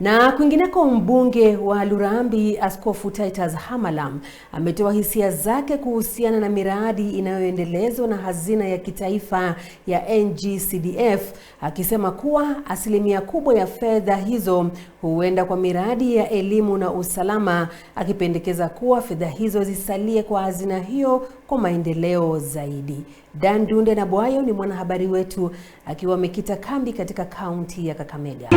Na kwingineko, mbunge wa Lurambi Askofu Titus Hamalam ametoa hisia zake kuhusiana na miradi inayoendelezwa na hazina ya kitaifa ya NG-CDF akisema kuwa asilimia kubwa ya fedha hizo huenda kwa miradi ya elimu na usalama, akipendekeza kuwa fedha hizo zisalie kwa hazina hiyo kwa maendeleo zaidi. Dan Dunde na Bwayo ni mwanahabari wetu akiwa amekita kambi katika kaunti ya Kakamega.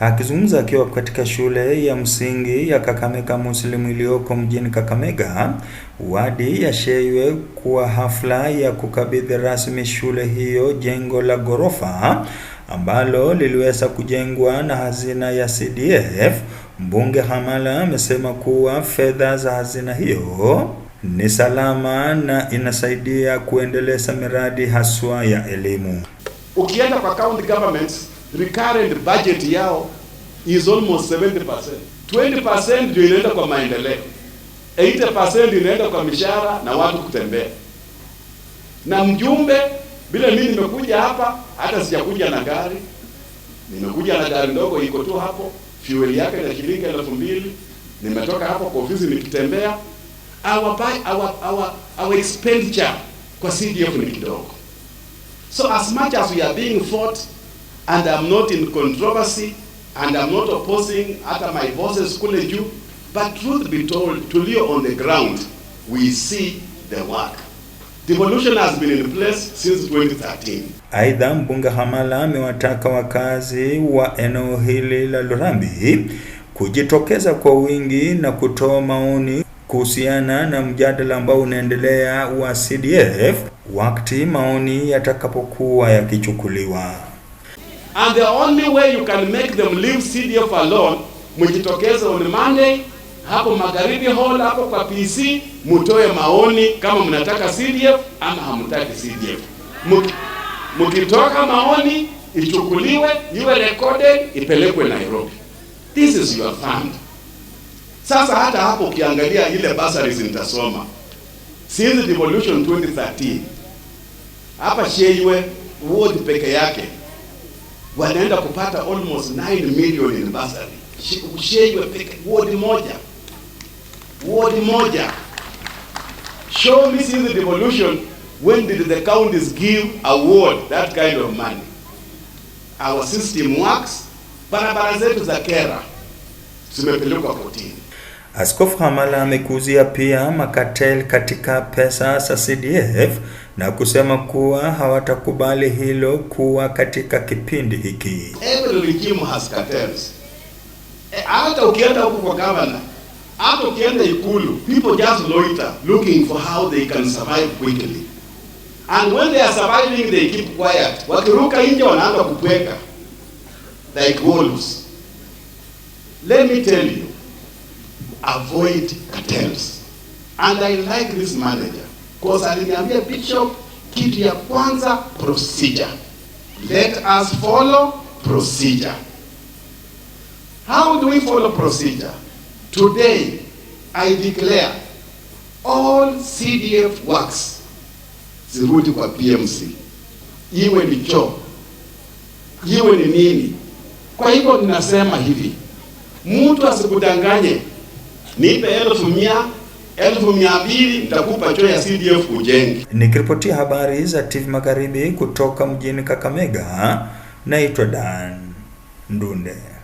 Akizungumza akiwa katika shule ya msingi ya Kakamega Muslim iliyoko mjini Kakamega, wadi ya Sheywe, kwa hafla ya kukabidhi rasmi shule hiyo jengo la ghorofa ambalo liliweza kujengwa na hazina ya CDF, mbunge Hamala amesema kuwa fedha za hazina hiyo ni salama na inasaidia kuendeleza miradi haswa ya elimu. Ukienda kwa county governments, recurrent budget yao is almost 70%. 20% ndio inaenda kwa maendeleo, 80% inaenda kwa mishahara na watu kutembea. Na mjumbe bila mimi nimekuja hapa, hata sijakuja na gari, nimekuja na gari ndogo iko tu hapo, fuel yake na shilingi elfu mbili. Nimetoka hapo kwa ofisi nikitembea our buy, our our our expenditure kwa CDF ni kidogo. So as much as we are being fought and I'm not in controversy and I'm not opposing hata my bosses kule juu, but truth be told, tulio on the ground we see the work. Devolution has been in place since 2013. Aidha, mbunge Hamala amewataka wakazi wa eneo hili la Lurambi kujitokeza kwa wingi na kutoa maoni kuhusiana na mjadala ambao unaendelea wa CDF wakati maoni yatakapokuwa yakichukuliwa. And the only way you can make them leave CDF alone, mjitokeze on Monday hapo Magharibi Hall hapo kwa PC, mtoe maoni kama mnataka CDF ama hamtaki CDF. Mkitoka maoni ichukuliwe, iwe recorded, ipelekwe Nairobi. This is your fund. Sasa hata hapo ukiangalia ile bursaries nitasoma since devolution 2013 hapa Sheywe ward peke yake wanaenda kupata almost 9 million in basari. Sheywe peke ward moja, ward moja. Show me since devolution when did the counties give a award that kind of money? Our system works. Barabara zetu za kera zimepelekwa kotini. Askofu Hamala amekuzia pia makatel katika pesa za CDF na kusema kuwa hawatakubali hilo kuwa katika kipindi hiki. Eh, hata ukienda huko kwa hata ukienda Ikulu, people just loiter looking for how they can survive quickly. And when they are surviving, they keep quiet. Wakiruka nje wanaanza kupweka like wolves. Let me tell you avoid cartels. And I like this manager because aliniambia bishop, kitu ya kwanza procedure, let us follow procedure. How do we follow procedure? Today I declare all CDF works zirudi kwa PMC, iwe ni choo, iwe ni nini. Kwa hivyo ninasema hivi, mtu asikudanganye nipe elfu mia elfu mia mbili nitakupa choo ya CDF ujenge. Nikiripotia habari za TV Magharibi kutoka mjini Kakamega, naitwa Dan Ndunde.